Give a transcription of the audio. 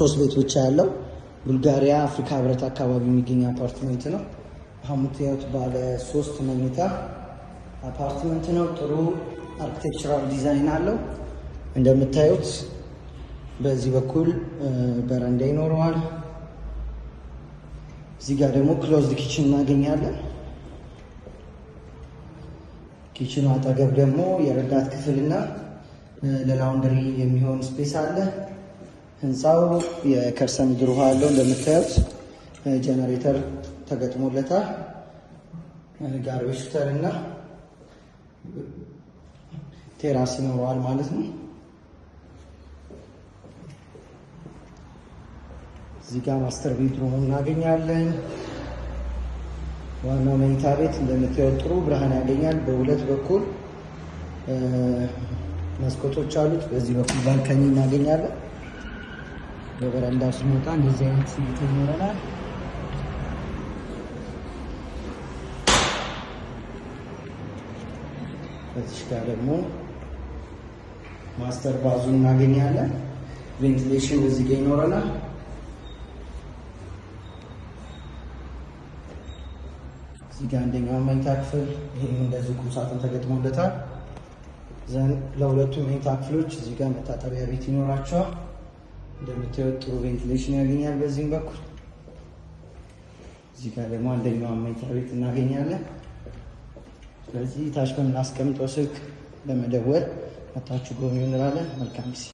ሶስት ቤት ብቻ ያለው ቡልጋሪያ አፍሪካ ህብረት አካባቢ የሚገኝ አፓርትመንት ነው። ሀሙቴዎት ባለ ሶስት መኝታ አፓርትመንት ነው። ጥሩ አርክቴክቸራል ዲዛይን አለው። እንደምታዩት በዚህ በኩል በረንዳ ይኖረዋል። እዚህ ጋር ደግሞ ክሎዝድ ኪችን እናገኛለን። ኪችኑ አጠገብ ደግሞ የረዳት ክፍልና ለላውንደሪ የሚሆን ስፔስ አለ። ህንፃው የከርሰ ምድር ውሃ አለው። እንደምታዩት ጀነሬተር ተገጥሞለታል። ጋርቤጅ ሹተር እና ቴራስ ይኖረዋል ማለት ነው። እዚህ ጋር ማስተር ቤድሩም እናገኛለን። ዋናው መኝታ ቤት እንደምታዩት ጥሩ ብርሃን ያገኛል። በሁለት በኩል መስኮቶች አሉት። በዚህ በኩል ባልከኒ እናገኛለን። በበረንዳ ስንወጣ እንደዚህ አይነት ስሜት ይኖረናል። ከዚህ ጋር ደግሞ ማስተር ባዙን እናገኛለን። ቬንቲሌሽን እዚህ ጋር ይኖረናል። እዚህ ጋር አንደኛው መኝታ ክፍል ይህም እንደዚህ ቁም ሳጥን ተገጥሞለታል። ዘንድ ለሁለቱ መኝታ ክፍሎች እዚህ ጋር መታጠቢያ ቤት ይኖራቸዋል። እንደምታዩት ጥሩ ቬንቲሌሽን ያገኛል። በዚህም በኩል እዚህ ጋር ደግሞ አንደኛው መኝታ ቤት እናገኛለን። ስለዚህ ታች በምናስቀምጠው ስልክ ለመደወል መታችሁ ጎብኙ እንላለን። መልካም ጊዜ